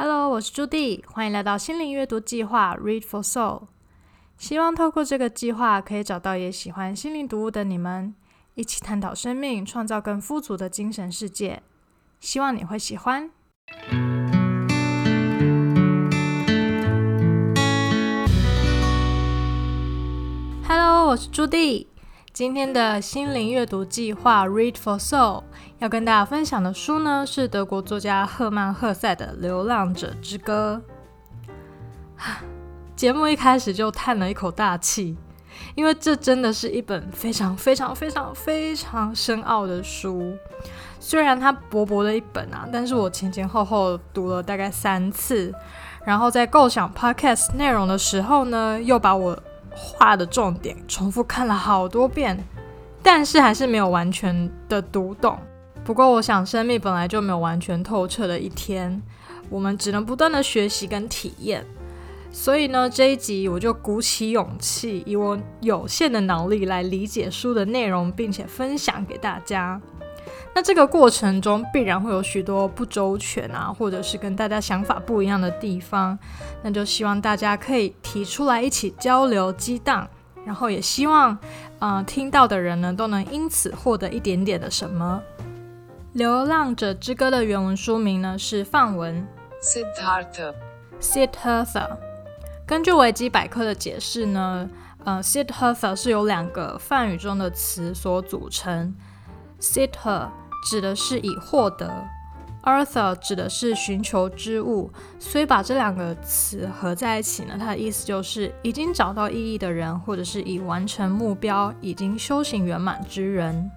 Hello，我是朱迪，歡迎來到心靈閱讀計劃 Read for Soul。希望透過這個計劃，可以找到也喜歡心靈讀物的你們，一起探討生命，創造更富足的精神世界。希望你會喜歡。Hello，我是朱迪。今天的心靈閱讀計劃《Read for Soul》要跟大家分享的書呢，是德國作家赫曼·赫塞的《流浪者之歌》。啊，節目一開始就嘆了一口大氣，因為這真的是一本非常非常非常非常深奧的書。雖然它薄薄的一本啊，但是我前前後後讀了大概三次，然後在構想 Podcast 內容的時候呢，又把我。畫的重點，重複看了好多遍，但是還是沒有完全的讀懂。不過，我想生命本來就沒有完全透徹的一天，我們只能不斷的學習跟體驗。所以呢，這一集我就鼓起勇氣，以我有限的腦力來理解書的內容，並且分享給大家。那這個過程中必然會有許多不周全啊，或者是跟大家想法不一樣的地方，那就希望大家可以提出來一起交流激盪，然後也希望，呃，聽到的人呢都能因此獲得一點點的什麼。《流浪者之歌》的原文書名呢是梵文《Siddhartha》，根據維基百科的解釋呢，呃，《Siddhartha》是由兩個梵語中的詞所組成，《Siddhar》指的是已獲得，artha 指的是尋求之物，所以把這兩個詞合在一起呢，它的意思就是已經找到意義的人，或者是已完成目標、已經修行圓滿之人。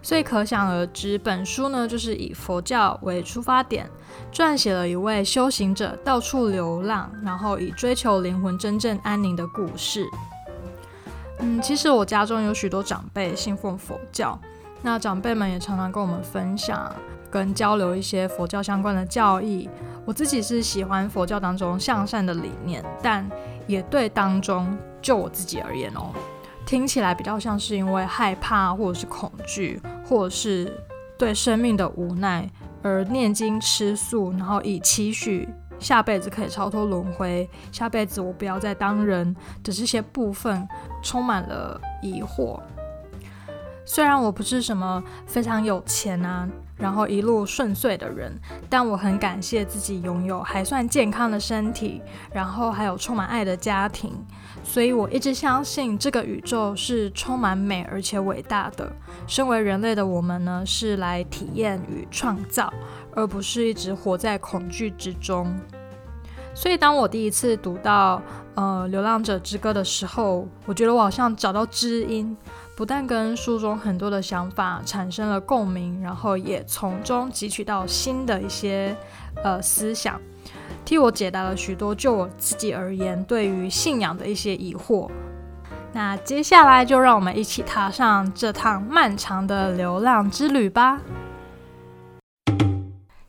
所以可想而知，本書呢就是以佛教為出發點，撰寫了一位修行者到處流浪，然後以追求靈魂真正安寧的故事。嗯，其實我家中有許多長輩信奉佛教。那長輩們也常常跟我們分享、跟交流一些佛教相關的教義。我自己是喜歡佛教當中向善的理念，但也對當中就我自己而言哦，聽起來比較像是因為害怕或者是恐懼，或者是對生命的無奈而念經吃素，然後以期許下輩子可以超脫輪回，下輩子我不要再當人的這些部分，充滿了疑惑。雖然我不是什麼非常有錢啊，然後一路順遂的人，但我很感謝自己擁有還算健康的身體，然後還有充滿愛的家庭。所以，我一直相信這個宇宙是充滿美而且偉大的。身為人類的我們呢，是來體驗與創造，而不是一直活在恐懼之中。所以，當我第一次讀到呃《流浪者之歌》的時候，我覺得我好像找到知音。不但跟書中很多的想法產生了共鳴，然後也從中汲取到新的一些呃思想，替我解答了許多就我自己而言對於信仰的一些疑惑。那接下來就讓我們一起踏上這趟漫長的流浪之旅吧。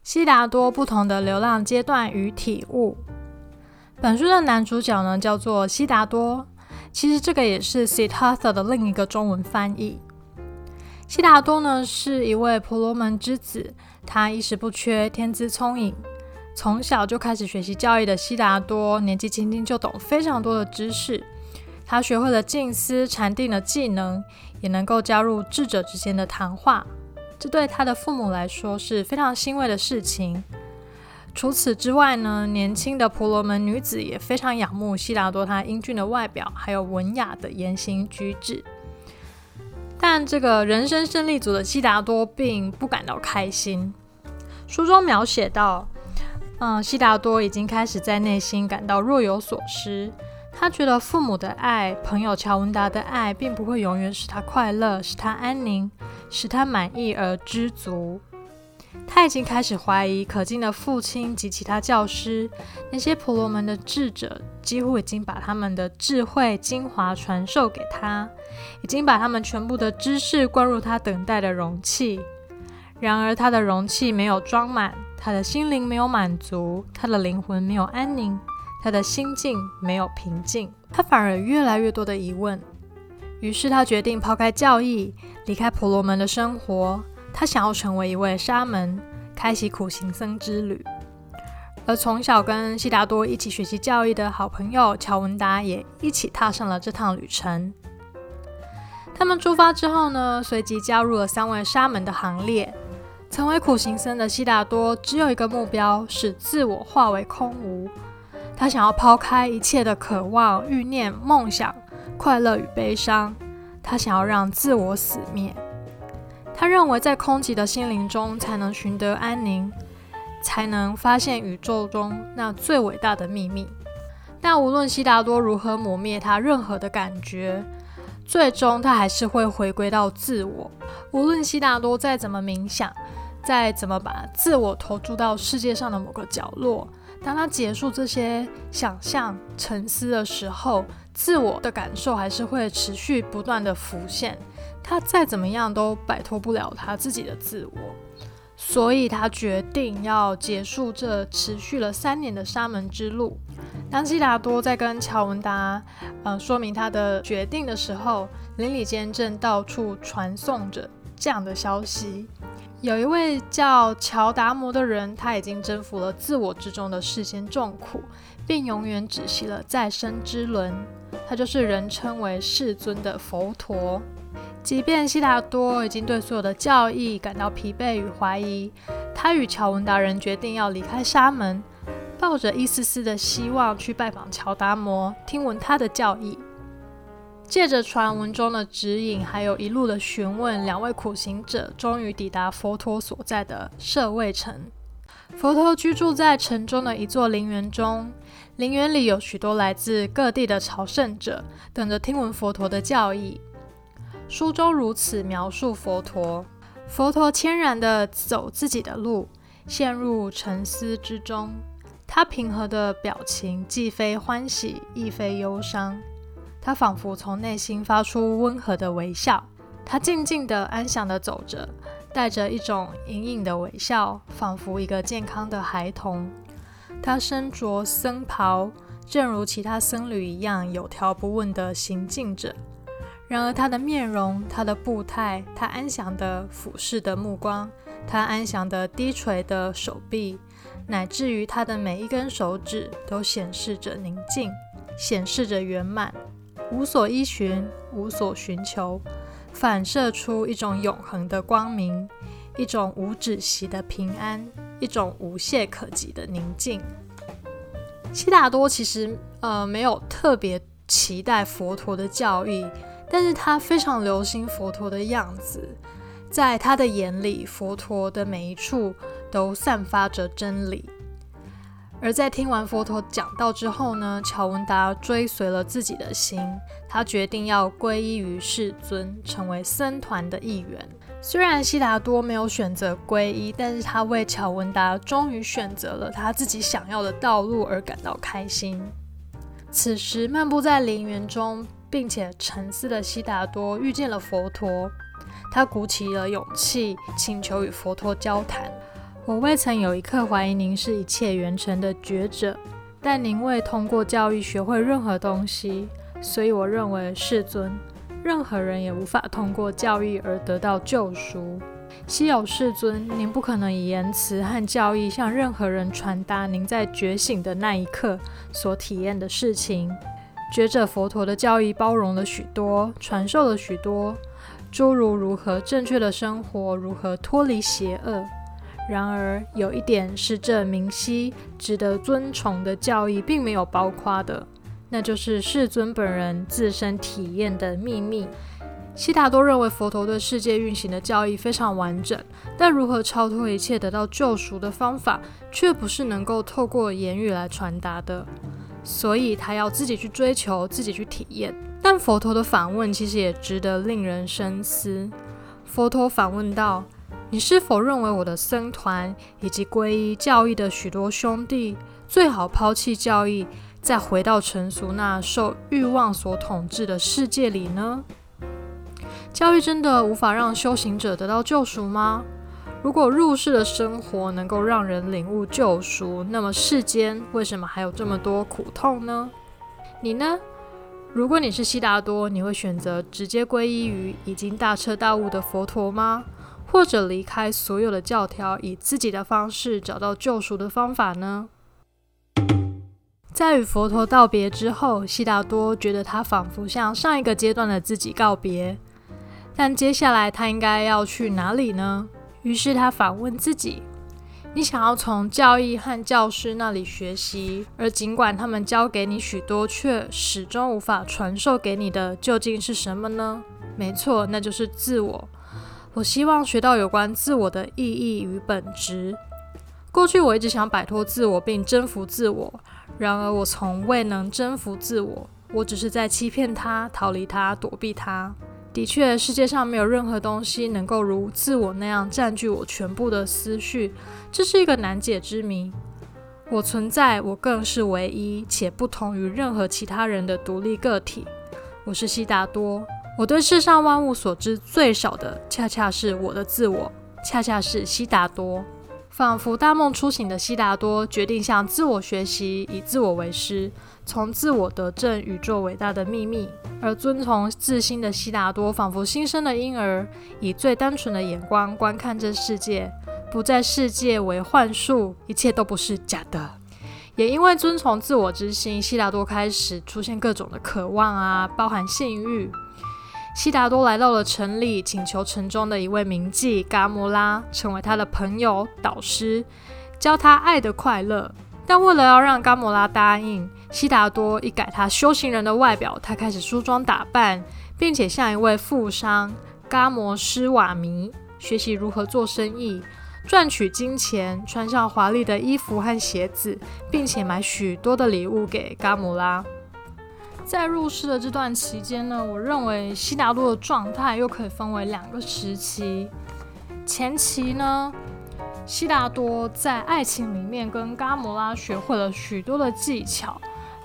悉達多不同的流浪階段與體悟。本書的男主角呢，叫做悉達多。其實這個也是 Siddhartha 的另一個中文翻譯。悉達多呢，是一位婆羅門之子，他衣食不缺，天資聰穎。從小就開始學習教育的悉達多，年紀輕輕就懂非常多的知識。他學會了靜思禪定的技能，也能夠加入智者之間的談話。這對他的父母來說是非常欣慰的事情。除此之外呢，年輕的婆羅門女子也非常仰慕悉達多他英俊的外表，還有文雅的言行舉止。但這個人生勝利組的悉達多並不感到開心。書中描寫到，嗯、呃，悉達多已經開始在內心感到若有所失。他覺得父母的愛、朋友喬文達的愛，並不會永遠使他快樂，使他安寧，使他滿意而知足。他已經開始懷疑，可敬的父親及其他教師，那些婆羅門的智者，幾乎已經把他們的智慧精華傳授給他，已經把他們全部的知識灌入他等待的容器。然而，他的容器沒有裝滿，他的心靈沒有滿足，他的靈魂沒有安寧，他的心境沒有平靜，他反而越來越多的疑問。於是，他決定拋開教義，離開婆羅門的生活。他想要成為一位沙門，開啟苦行僧之旅。而從小跟悉達多一起學習教育的好朋友喬文達也一起踏上了這趟旅程。他們出發之後呢，隨即加入了三位沙門的行列，成為苦行僧的悉達多只有一個目標：使自我化為空無。他想要拋開一切的渴望、慾念、夢想、快樂與悲傷。他想要讓自我死滅。他認為，在空寂的心靈中才能尋得安寧，才能發現宇宙中那最偉大的祕密。但無論悉達多如何磨滅他任何的感覺，最終他還是會回歸到自我。無論悉達多再怎麼冥想，再怎麼把自我投注到世界上的某個角落，當他結束這些想象沉思的時候，自我的感受還是會持續不斷的浮現。他再怎麼樣都擺脫不了他自己的自我，所以他決定要結束這持續了三年的沙門之路。當悉達多在跟喬文達呃說明他的決定的時候，鄰里間正到處傳頌着這樣的消息：有一位叫喬達摩的人，他已經征服了自我之中的世間眾苦，並永遠止息了再生之輪。他就是人稱為世尊的佛陀。即便悉達多已經對所有的教義感到疲憊與懷疑，他與喬文達人決定要離開沙門，抱着一絲絲的希望去拜訪喬達摩，聽聞他的教義。借着傳聞中的指引，還有一路的詢問，兩位苦行者終於抵達佛陀所在的舍衛城。佛陀居住在城中的一座陵園中，陵園裡有許多來自各地的朝聖者，等着聽聞佛陀的教義。書中如此描述佛陀：佛陀謙然地走自己的路，陷入沉思之中。他平和的表情既非歡喜，亦非憂傷。他仿佛從內心發出溫和的微笑。他靜靜地、安詳地走着，帶着一種隱隱的微笑，仿佛一個健康的孩童。他身着僧袍，正如其他僧侶一樣，有條不紊地行進着。然而，他的面容，他的步態，他安詳的俯視的目光，他安詳的低垂的手臂，乃至於他的每一根手指，都顯示着寧靜，顯示着圓滿，無所依循，無所尋求，反射出一種永恆的光明，一種無止息的平安，一種無懈可擊的寧靜。悉達多其實呃，沒有特別期待佛陀的教育。但是他非常留心佛陀的樣子，在他的眼裡，佛陀的每一處都散發着真理。而在聽完佛陀講道之後呢，喬文達追隨了自己的心，他決定要皈依於世尊，成為僧團的一員。雖然悉達多沒有選擇皈依，但是他為喬文達終於選擇了他自己想要的道路而感到開心。此時漫步在林園中。並且沉思的悉達多遇見了佛陀，他鼓起了勇氣，請求與佛陀交談。我未曾有一刻懷疑您是一切原成的覺者，但您未通過教育學會任何東西，所以我認為世尊，任何人也無法通過教育而得到救贖。稀有世尊，您不可能以言辭和教義向任何人傳達您在覺醒的那一刻所體驗的事情。覺者佛陀的教義包容了許多，傳授了許多，諸如如何正確的生活，如何脫離邪惡。然而，有一點是這明晰、值得尊崇的教義並沒有包括的，那就是世尊本人自身體驗的秘密。悉達多認為佛陀對世界運行的教義非常完整，但如何超脫一切、得到救贖的方法，卻不是能夠透過言語來傳達的。所以，他要自己去追求，自己去體驗。但佛陀的反問其實也值得令人深思。佛陀反問道：“你是否認為我的僧團以及皈依教義的許多兄弟，最好拋棄教義，再回到成熟那受欲望所統治的世界裡呢？教義真的無法讓修行者得到救贖嗎？”如果入世的生活能夠讓人領悟救贖，那麼世間為什麼還有這麼多苦痛呢？你呢？如果你是悉達多，你會選擇直接皈依於已經大徹大悟的佛陀嗎？或者離開所有的教條，以自己的方式找到救贖的方法呢？在與佛陀道別之後，悉達多覺得他仿佛向上一個階段的自己告別。但接下來他應該要去哪裡呢？於是他反問自己：“你想要從教義和教師那裡學習，而儘管他們教給你許多，却始終無法傳授給你的究竟是什麼呢？”沒錯，那就是自我。我希望學到有關自我的意義與本質。過去我一直想擺脫自我並征服自我，然而我從未能征服自我，我只是在欺騙他、逃離他、躲避他。的確，世界上沒有任何東西能夠如自我那樣占據我全部的思緒，這是一個難解之謎。我存在，我更是唯一且不同於任何其他人的獨立個體。我是悉達多，我對世上萬物所知最少的，恰恰是我的自我，恰恰是悉達多。仿佛大夢初醒的悉達多，決定向自我學習，以自我為師，從自我得證宇宙偉大的秘密。而遵從自心的悉達多，仿佛新生的嬰兒，以最單純的眼光觀看這世界，不再世界為幻術，一切都不是假的。也因為遵從自我之心，悉達多開始出現各種的渴望啊，包含性慾。悉達多來到了城裡，請求城中的一位名妓嘎摩拉成為他的朋友、導師，教他愛的快樂。但為了要讓嘎摩拉答應，悉達多一改他修行人的外表，他開始梳妝打扮，並且向一位富商伽摩斯瓦米學習如何做生意、賺取金錢，穿上華麗的衣服和鞋子，並且買許多的禮物給伽摩拉。在入世的這段期間呢，我認為悉達多的狀態又可以分為兩個時期。前期呢，悉達多在愛情裡面跟伽摩拉學會了許多的技巧。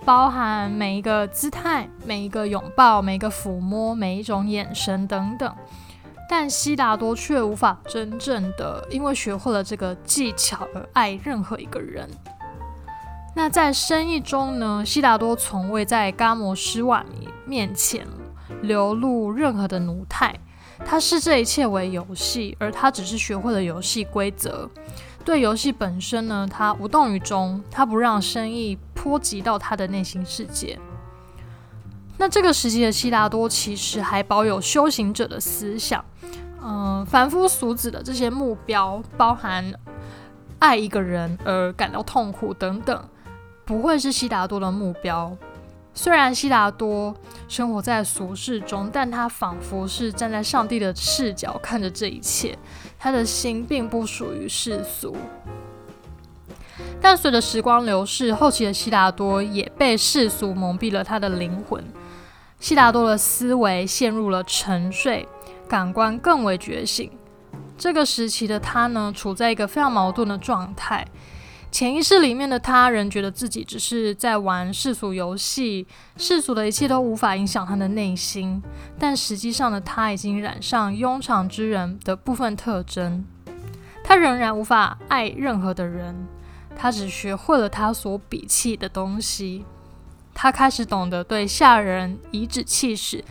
包含每一個姿態、每一個擁抱、每一個撫摸、每一種眼神等等，但悉達多卻無法真正的因為學會了這個技巧而愛任何一個人。那在生意中呢？悉達多從未在伽摩施瓦米面前流露任何的奴態，他視這一切為遊戲，而他只是學會了遊戲規則。對遊戲本身呢，他無動於衷，他不讓生意。波及到他的內心世界。那這個時期的悉達多其實還保有修行者的思想，嗯、呃，凡夫俗子的這些目標，包含愛一個人而感到痛苦等等，不會是悉達多的目標。雖然悉達多生活在俗世中，但他仿佛是站在上帝的視角看着這一切，他的心並不屬於世俗。但隨着時光流逝，後期的悉達多也被世俗蒙蔽了他的靈魂。悉達多的思維陷入了沉睡，感官更為覺醒。這個時期的他呢，處在一個非常矛盾的狀態。潛意識裡面的他仍覺得自己只是在玩世俗遊戲，世俗的一切都無法影響他的內心。但實際上的他已經染上庸常之人的部分特徵，他仍然無法愛任何的人。他只學會了他所鄙棄的東西，他開始懂得對下人頤指氣使，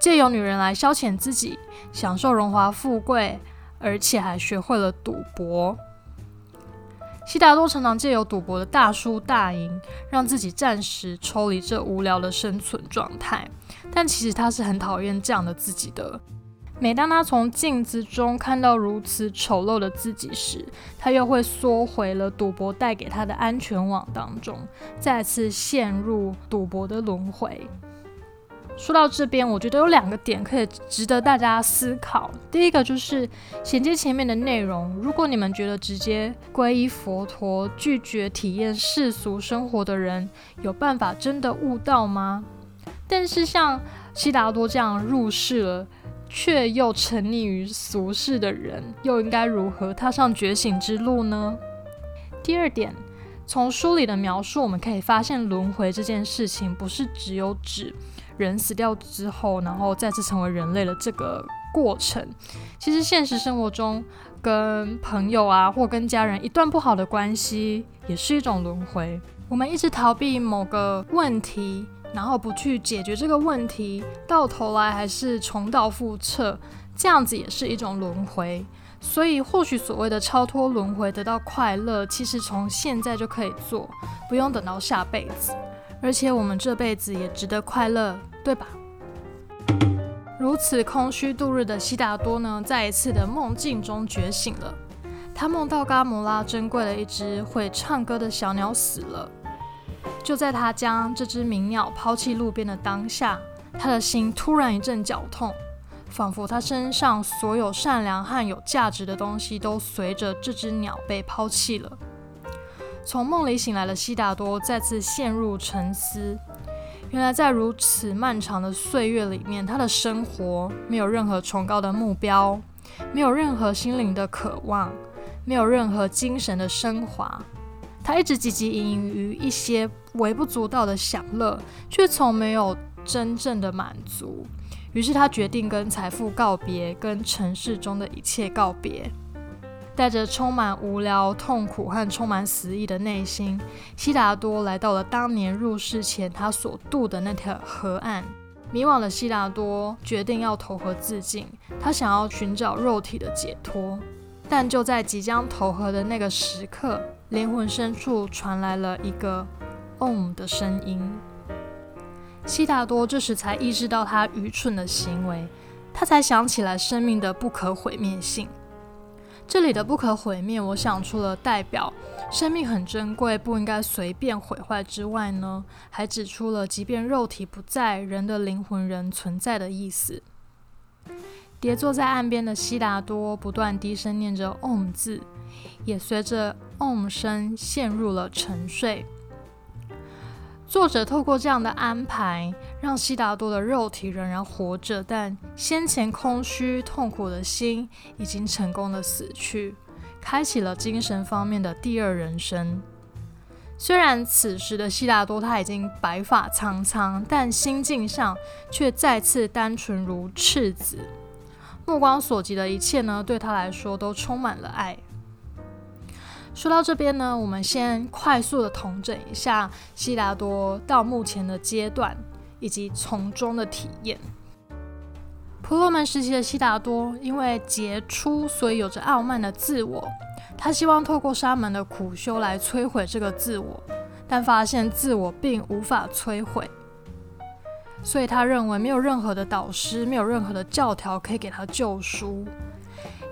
借由女人來消遣自己，享受榮華富貴，而且還學會了賭博。悉達多常常借由賭博的大輸大贏，讓自己暫時抽離這無聊的生存狀態，但其實他是很討厭這樣的自己的。每當他從鏡子中看到如此醜陋的自己時，他又會縮回了賭博帶給他的安全網當中，再次陷入賭博的輪回。說到這邊，我覺得有兩個點可以值得大家思考。第一個就是銜接前面的內容：如果你們覺得直接皈依佛陀、拒絕體驗世俗生活的人有辦法真的悟道嗎？但是像悉達多這樣入世了。卻又沉溺於俗世的人，又應該如何踏上覺醒之路呢？第二點，從書裡的描述，我們可以發現，輪迴這件事情不是只有指人死掉之後，然後再次成為人類的這個過程。其實現實生活中，跟朋友啊，或跟家人一段不好的關係，也是一種輪迴。我們一直逃避某個問題，然後不去解決這個問題，到頭來還是重蹈覆轍，這樣子也是一種輪回。所以，或許所謂的超脫輪回、得到快樂，其實從現在就可以做，不用等到下輩子。而且，我們這輩子也值得快樂，對吧？如此空虛度日的悉達多呢，在一次的夢境中覺醒了。他夢到伽摩拉珍貴的一只會唱歌的小鳥死了。就在他將這只鳴鳥拋棄路邊的當下，他的心突然一陣絞痛，仿佛他身上所有善良和有價值的東西都隨着這只鳥被拋棄了。從夢裡醒來的悉達多再次陷入沉思。原來，在如此漫長的歲月裡面，他的生活沒有任何崇高的目標，沒有任何心靈的渴望，沒有任何精神的升華。他一直汲汲營營於一些微不足道的享樂，卻從沒有真正的滿足。於是他決定跟財富告別，跟城市中的一切告別。帶着充滿無聊、痛苦和充滿死意的內心，悉達多來到了當年入世前他所渡的那條河岸。迷惘的悉達多決定要投河自盡，他想要尋找肉體的解脫。但就在即將投河的那個時刻，靈魂深處傳來了一個 OM 的聲音。悉達多這時才意識到他愚蠢的行為，他才想起來生命的不可毀滅性。這裡的“不可毀滅”，我想除了代表生命很珍貴，不應該隨便毀壞之外呢，還指出了即便肉體不在，人的靈魂仍存在的意思。跌坐在岸邊的悉達多不斷低聲念着 OM 字，也隨着眾生陷入了沉睡。作者透過這樣的安排，讓悉達多的肉體仍然活着，但先前空虛痛苦的心已經成功的死去，開啟了精神方面的第二人生。雖然此時的悉達多他已經白髮蒼蒼，但心境上卻再次單純如赤子。目光所及的一切呢，對他來說都充滿了愛。說到這邊呢，我們先快速的統整一下悉達多到目前的階段以及從中的體驗。婆羅門時期的悉達多因為傑出，所以有着傲慢的自我。他希望透過沙門的苦修來摧毀這個自我，但發現自我並無法摧毀，所以他認為沒有任何的導師、沒有任何的教條可以給他救贖。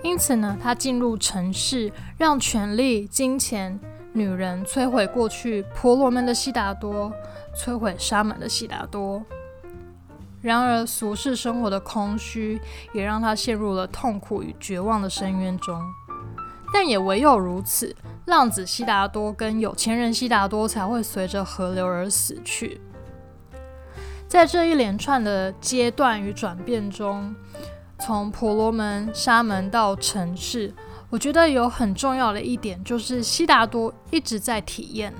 因此呢，他進入城市，讓權力、金錢、女人摧毀過去婆羅門的悉達多，摧毀沙門的悉達多。然而，俗世生活的空虛也讓他陷入了痛苦與絕望的深淵中。但也唯有如此，浪子悉達多跟有錢人悉達多才會隨着河流而死去。在這一連串的階段與轉變中，從婆羅門、沙門到城市，我覺得有很重要的一點就是悉達多一直在體驗，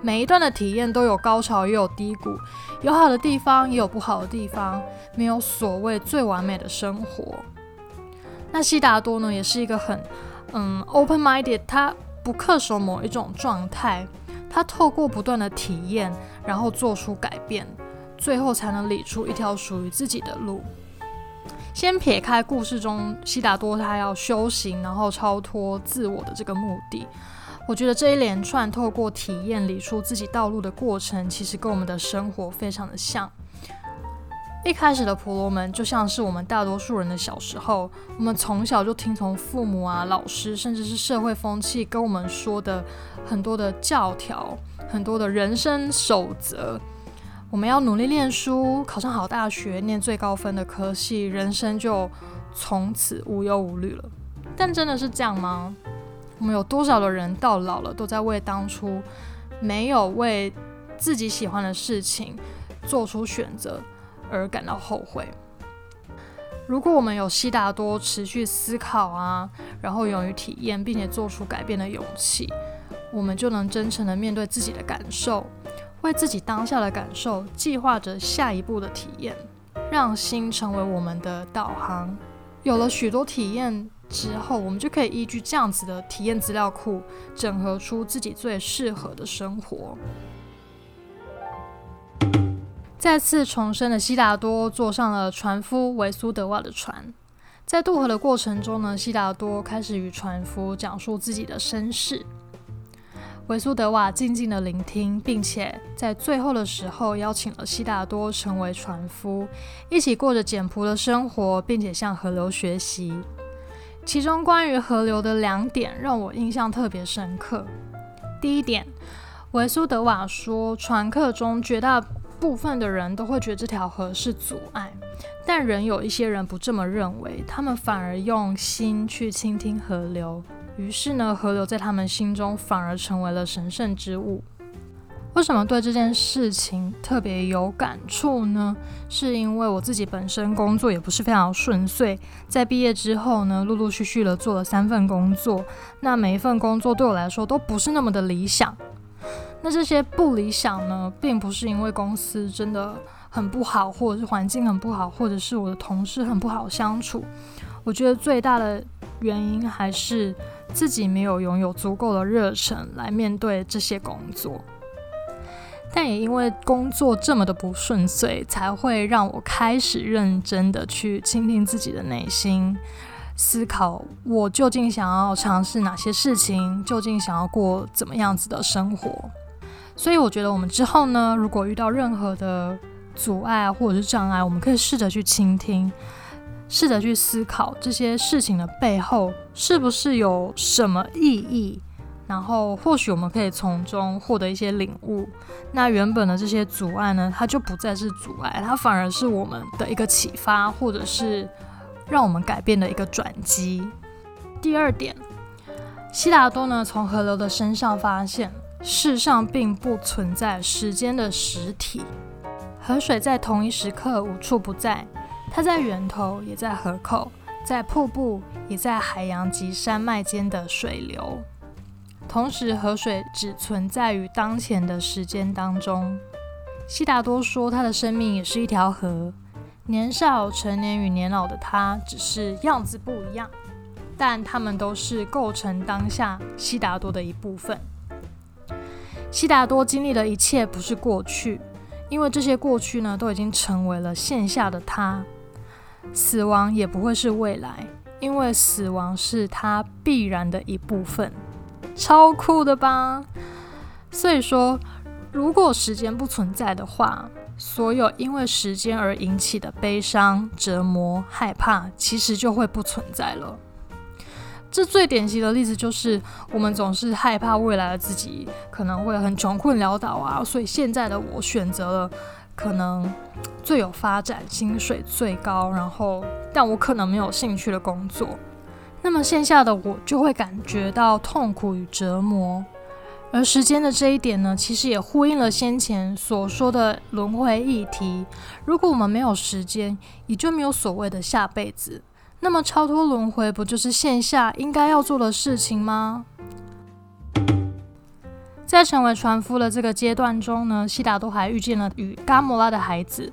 每一段的體驗都有高潮，也有低谷，有好的地方，也有不好的地方，沒有所謂最完美的生活。那悉達多呢，也是一個很嗯 open-minded，他不恪守某一種狀態，他透過不斷的體驗，然後做出改變，最後才能理出一條屬於自己的路。先撇開故事中悉達多他要修行，然後超脫自我的這個目的，我覺得這一連串透過體驗理出自己道路的過程，其實跟我們的生活非常的像。一開始的婆羅門就像是我們大多數人的小時候，我們從小就聽從父母啊、老師，甚至是社會風氣跟我們說的很多的教條、很多的人生守則。我們要努力念書，考上好大學，念最高分的科系，人生就從此無憂無慮了。但真的是這樣嗎？我們有多少的人到老了都在為當初沒有為自己喜歡的事情做出選擇而感到後悔？如果我們有悉達多持續思考啊，然後勇於體驗，並且做出改變的勇氣，我們就能真誠地面對自己的感受。為自己當下的感受，計劃着下一步的體驗，讓心成為我們的導航。有了許多體驗之後，我們就可以依據這樣子的體驗資料庫，整合出自己最適合的生活。再次重生的悉達多坐上了船夫維蘇德瓦的船，在渡河的過程中呢，悉達多開始與船夫講述自己的身世。維蘇德瓦靜靜地聆聽，並且在最後的時候邀請了悉達多成為船夫，一起過着簡樸的生活，並且向河流學習。其中關於河流的兩點讓我印象特別深刻。第一點，維蘇德瓦說，船客中絕大部分的人都會覺得這條河是阻礙，但仍有一些人不這麼認為，他們反而用心去傾聽河流。於是呢，河流在他們心中反而成為了神聖之物。為什麼對這件事情特別有感觸呢？是因為我自己本身工作也不是非常順遂，在畢業之後呢，陸陸續續的做了三份工作。那每一份工作對我來說都不是那麼的理想。那這些不理想呢，並不是因為公司真的很不好，或者是環境很不好，或者是我的同事很不好相處。我覺得最大的原因還是自己沒有擁有足夠的熱忱來面對這些工作，但也因為工作這麼的不順遂，才會讓我開始認真的去傾聽自己的內心，思考我究竟想要嘗試哪些事情，究竟想要過怎麼樣子的生活。所以我覺得我們之後呢，如果遇到任何的阻礙或者是障礙，我們可以試着去傾聽。試着去思考這些事情的背後是不是有什麼意義，然後或許我們可以從中獲得一些領悟。那原本的這些阻礙呢，它就不再是阻礙，它反而是我們的一個啟發，或者是讓我們改變的一個轉機。第二點，悉達多呢，從河流的身上發現，世上並不存在時間的實體，河水在同一時刻無處不在。它在源頭，也在河口，在瀑布，也在海洋及山脈間的水流。同時，河水只存在於當前的時間當中。悉達多說，他的生命也是一條河。年少、成年與年老的他，只是樣子不一樣，但他們都是構成當下悉達多的一部分。悉達多經歷的一切不是過去，因為這些過去呢，都已經成為了現下的他。死亡也不會是未來，因為死亡是它必然的一部分，超酷的吧？所以說，如果時間不存在的話，所有因為時間而引起的悲傷、折磨、害怕，其實就會不存在了。這最典型的例子就是，我們總是害怕未來的自己可能會很窮困潦倒啊，所以現在的我選擇了。可能最有發展、薪水最高，然後但我可能沒有興趣的工作，那麼現下的我就會感覺到痛苦與折磨。而時間的這一點呢，其實也呼應了先前所說的輪回議題。如果我們沒有時間，也就沒有所謂的下輩子。那麼超脫輪回，不就是現下應該要做的事情嗎？成為船夫的這個階段中呢，悉達多還遇見了與伽摩拉的孩子。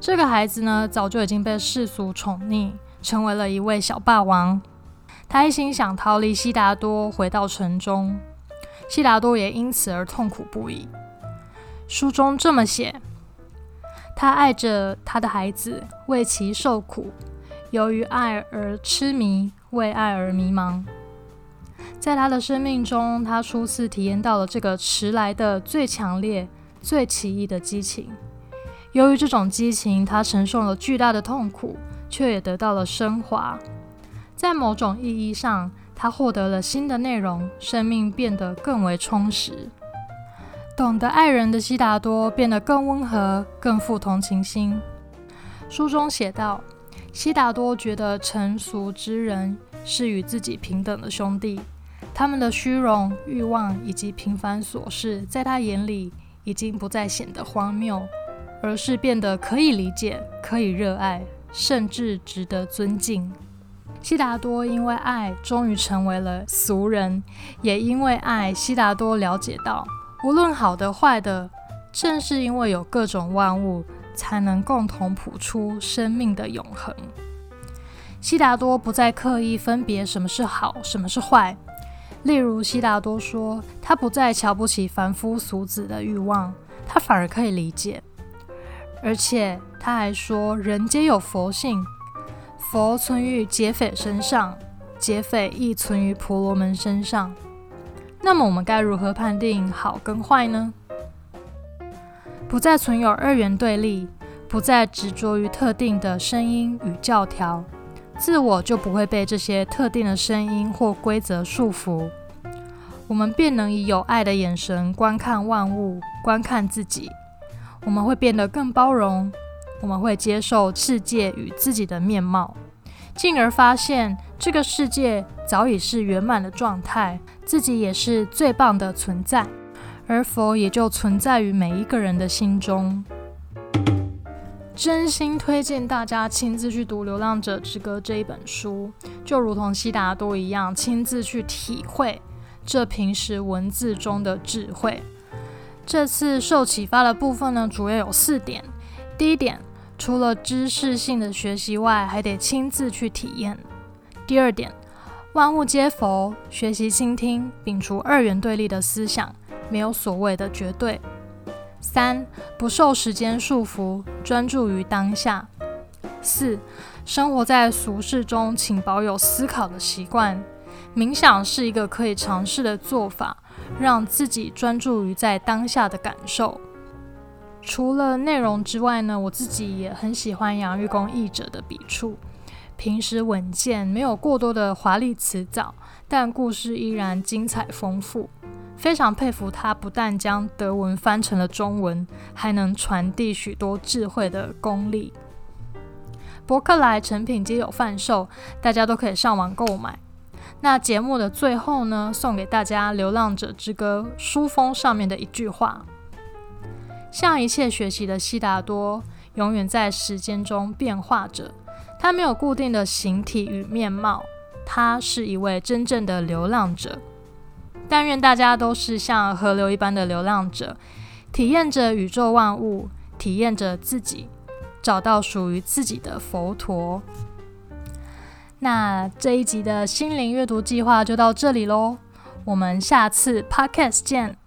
這個孩子呢，早就已經被世俗寵溺，成為了一位小霸王。他一心想逃離悉達多，回到城中。悉達多也因此而痛苦不已。書中這麼寫：他愛着他的孩子，為其受苦；由於愛而癡迷，為愛而迷茫。在他的生命中，他初次體驗到了這個遲來的最強烈、最奇異的激情。由於這種激情，他承受了巨大的痛苦，卻也得到了升華。在某種意義上，他獲得了新的內容，生命變得更為充實。懂得愛人的悉達多變得更溫和、更富同情心。書中寫道：“悉達多覺得成熟之人是與自己平等的兄弟。”他們的虛榮、慾望以及平凡瑣事，在他眼裡已經不再顯得荒謬，而是變得可以理解、可以熱愛，甚至值得尊敬。悉達多因為愛，終於成為了俗人；也因為愛，悉達多了解到，無論好的壞的，正是因為有各種萬物，才能共同譜出生命的永恆。悉達多不再刻意分別什麼是好，什麼是壞。例如悉達多說，他不再瞧不起凡夫俗子的慾望，他反而可以理解。而且他還說，人皆有佛性，佛存於劫匪身上，劫匪亦存於婆羅門身上。那麼我們該如何判定好跟壞呢？不再存有二元對立，不再執着於特定的聲音與教條。自我就不會被這些特定的聲音或規則束縛，我們便能以有愛的眼神觀看萬物，觀看自己。我們會變得更包容，我們會接受世界與自己的面貌，進而發現這個世界早已是圓滿的狀態，自己也是最棒的存在，而佛也就存在於每一個人的心中。真心推薦大家親自去讀《流浪者之歌》這一本書，就如同悉達多一樣，親自去體會這平時文字中的智慧。這次受啟發的部分呢，主要有四點。第一點，除了知識性的學習外，還得親自去體驗。第二點，萬物皆佛，學習傾聽，摒除二元對立的思想，沒有所謂的絕對。三、不受時間束縛，專注於當下。四、生活在俗世中，請保有思考的習慣。冥想是一個可以嘗試的做法，讓自己專注於在當下的感受。除了內容之外呢，我自己也很喜歡楊玉功譯者的筆觸，平時穩健，沒有過多的華麗辭藻，但故事依然精彩豐富。非常佩服他，不但將德文翻成了中文，還能傳遞許多智慧的功力。博客來、誠品皆有販售，大家都可以上網購買。那節目的最後呢，送給大家《流浪者之歌》書封上面的一句話：向一切學習的悉達多，永遠在時間中變化着，他沒有固定的形體與面貌，他是一位真正的流浪者。但願大家都是像河流一般的流浪者，體驗着宇宙萬物，體驗着自己，找到屬於自己的佛陀。那這一集的心靈閱讀計劃就到這裡嘍，我們下次 Podcast 見。